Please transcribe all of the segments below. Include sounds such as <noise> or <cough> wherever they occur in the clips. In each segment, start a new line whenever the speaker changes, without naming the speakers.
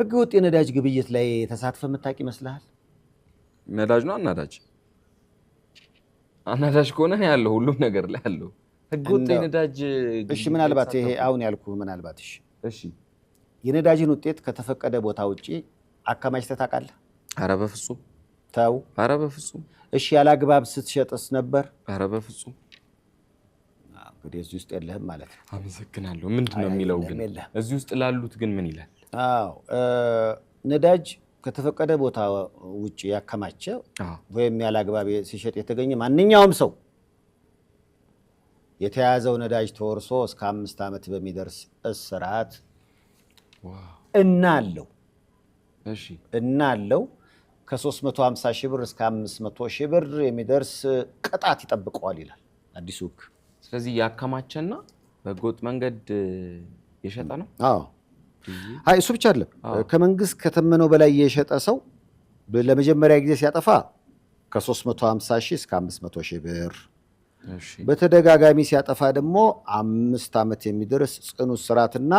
ህገ ወጥ የነዳጅ ግብይት ላይ ተሳትፈ የምታውቅ ይመስልሃል?
ነዳጅ ነው አናዳጅ አናዳጅ ከሆነ ያለው ሁሉም ነገር ላይ ያለው ህገ ወጥ የነዳጅ
እሺ፣ ምናልባት ይሄ አሁን ያልኩህ ምናልባት እሺ፣ እሺ፣ የነዳጅን ውጤት ከተፈቀደ ቦታ ውጪ አከማችተህ ታውቃለህ? ኧረ በፍጹም ተው። ኧረ በፍጹም እሺ። ያላግባብ ስትሸጥስ ነበር?
ኧረ በፍጹም
እዚህ ውስጥ የለህም ማለት ነው።
አመሰግናለሁ። ምንድን ነው የሚለው ግን እዚህ ውስጥ ላሉት ግን ምን ይላል?
አዎ ነዳጅ ከተፈቀደ ቦታ ውጭ ያከማቸ ወይም ያለ አግባብ ሲሸጥ የተገኘ ማንኛውም ሰው የተያዘው ነዳጅ ተወርሶ እስከ አምስት ዓመት በሚደርስ እስራት እና አለው እና አለው ከ350 ሺህ ብር እስከ 500 ሺህ ብር የሚደርስ ቅጣት ይጠብቀዋል ይላል አዲሱ ህግ።
ስለዚህ ያከማቸና በህገወጥ መንገድ የሸጠ ነው።
አይ እሱ ብቻ አይደለም። ከመንግስት ከተመነው በላይ የሸጠ ሰው ለመጀመሪያ ጊዜ ሲያጠፋ ከ350 ሺህ እስከ 500 ሺህ ብር፣ በተደጋጋሚ ሲያጠፋ ደግሞ አምስት ዓመት የሚደርስ ጽኑ እስራትና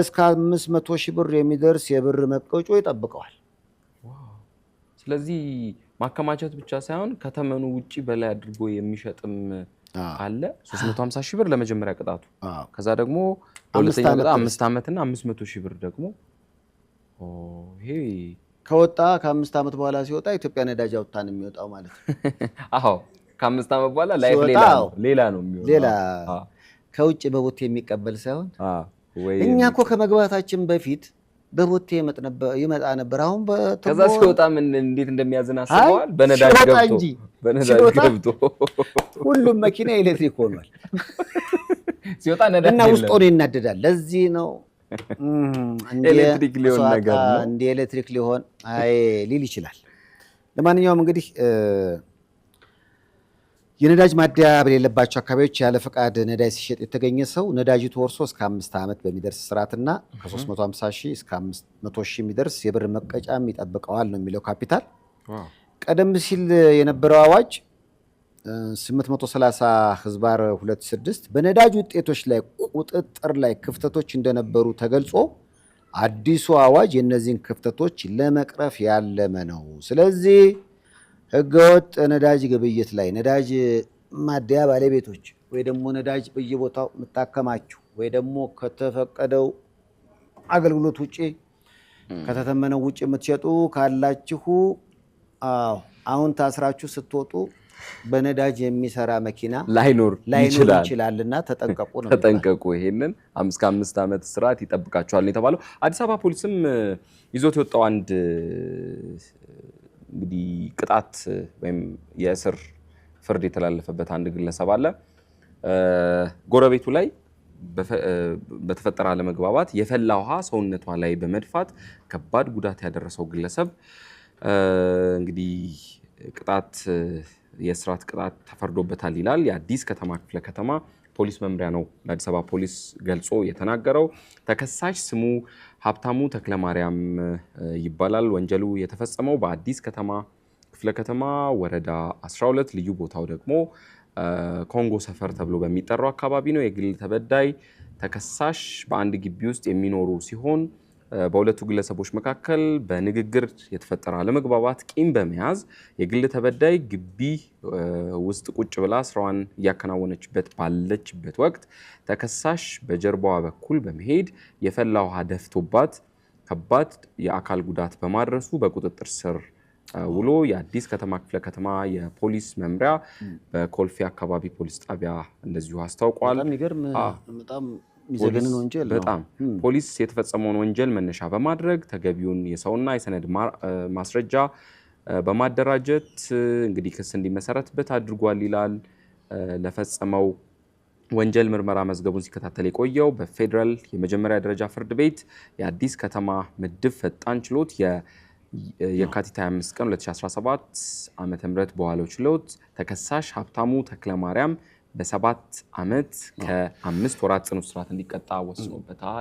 እስከ 500 ሺህ ብር የሚደርስ የብር መቀጮ ይጠብቀዋል።
ስለዚህ ማከማቸት ብቻ ሳይሆን ከተመኑ ውጪ በላይ አድርጎ የሚሸጥም አለ 350 ሺህ ብር ለመጀመሪያ ቅጣቱ። ከዛ ደግሞ ሁለተኛ ቅጣት 5 ዓመት እና መቶ ሺህ ብር ደግሞ
ይሄ ከወጣ ከአምስት ዓመት በኋላ ሲወጣ ኢትዮጵያ ነዳጅ አውጥታ ነው የሚወጣው ማለት ነው።
<laughs> አዎ ከአምስት ዓመት በኋላ ላይፍ ሌላ ነው ሌላ ነው የሚሆነው
ሌላ ከውጭ በቦቴ የሚቀበል ሳይሆን እኛ እኮ ከመግባታችን በፊት በቦቴ ይመጣ ነበር። አሁን
ከዛ ሲወጣ ምን እንዴት እንደሚያዝን አስበዋል። በነዳጅ ገብቶ በነዳጅ ገብቶ
ሁሉም መኪና ኤሌክትሪክ ሆኗል። ሲወጣ ነዳጅ እና ውስጥ ሆኖ ይናደዳል። ለዚህ ነው
ኤሌክትሪክ ሊሆን ነገር
እንደ ኤሌክትሪክ ሊሆን አይ ሊል ይችላል። ለማንኛውም እንግዲህ የነዳጅ ማደያ በሌለባቸው አካባቢዎች ያለ ፈቃድ ነዳጅ ሲሸጥ የተገኘ ሰው ነዳጁ ተወርሶ እስከ አምስት ዓመት በሚደርስ ስርዓትና ከ350 እስከ 500 የሚደርስ የብር መቀጫም ይጠብቀዋል ነው የሚለው ካፒታል። ቀደም ሲል የነበረው አዋጅ 830 ህዝባር 26 በነዳጅ ውጤቶች ላይ ቁጥጥር ላይ ክፍተቶች እንደነበሩ ተገልጾ አዲሱ አዋጅ የእነዚህን ክፍተቶች ለመቅረፍ ያለመ ነው። ስለዚህ ህገወጥ ነዳጅ ግብይት ላይ ነዳጅ ማደያ ባለቤቶች ወይ ደግሞ ነዳጅ በየቦታው የምታከማችሁ ወይ ደግሞ ከተፈቀደው አገልግሎት ውጭ ከተተመነው ውጭ የምትሸጡ ካላችሁ አሁን ታስራችሁ ስትወጡ በነዳጅ የሚሰራ መኪና ላይኖር ይችላል እና ተጠንቀቁ
ነው <laughs> ተጠንቀቁ። ይሄንን አምስት ከአምስት ዓመት ስርዓት ይጠብቃችኋል የተባለው። አዲስ አበባ ፖሊስም ይዞት የወጣው አንድ እንግዲህ ቅጣት ወይም የእስር ፍርድ የተላለፈበት አንድ ግለሰብ አለ። ጎረቤቱ ላይ በተፈጠረ አለመግባባት የፈላ ውሃ ሰውነቷ ላይ በመድፋት ከባድ ጉዳት ያደረሰው ግለሰብ እንግዲህ ቅጣት የእስራት ቅጣት ተፈርዶበታል ይላል የአዲስ ከተማ ክፍለ ከተማ ፖሊስ መምሪያ ነው ለአዲስ አበባ ፖሊስ ገልጾ የተናገረው። ተከሳሽ ስሙ ሀብታሙ ተክለማርያም ይባላል። ወንጀሉ የተፈጸመው በአዲስ ከተማ ክፍለ ከተማ ወረዳ 12 ልዩ ቦታው ደግሞ ኮንጎ ሰፈር ተብሎ በሚጠራው አካባቢ ነው። የግል ተበዳይ ተከሳሽ በአንድ ግቢ ውስጥ የሚኖሩ ሲሆን በሁለቱ ግለሰቦች መካከል በንግግር የተፈጠረ አለመግባባት ቂም በመያዝ የግል ተበዳይ ግቢ ውስጥ ቁጭ ብላ ስራዋን እያከናወነችበት ባለችበት ወቅት ተከሳሽ በጀርባዋ በኩል በመሄድ የፈላ ውሃ ደፍቶባት ከባድ የአካል ጉዳት በማድረሱ በቁጥጥር ስር ውሎ የአዲስ ከተማ ክፍለ ከተማ የፖሊስ መምሪያ በኮልፌ አካባቢ ፖሊስ ጣቢያ እንደዚሁ አስታውቋል።
የሚዘገንን ወንጀል በጣም
ፖሊስ የተፈጸመውን ወንጀል መነሻ በማድረግ ተገቢውን የሰውና የሰነድ ማስረጃ በማደራጀት እንግዲህ ክስ እንዲመሰረትበት አድርጓል ይላል። ለፈጸመው ወንጀል ምርመራ መዝገቡን ሲከታተል የቆየው በፌዴራል የመጀመሪያ ደረጃ ፍርድ ቤት የአዲስ ከተማ ምድብ ፈጣን ችሎት የካቲት 25 ቀን 2017 ዓ.ም በዋለው ችሎት ተከሳሽ ሀብታሙ ተክለማርያም በሰባት ዓመት ከአምስት ወራት ጽኑ እስራት እንዲቀጣ ወስኖበታል።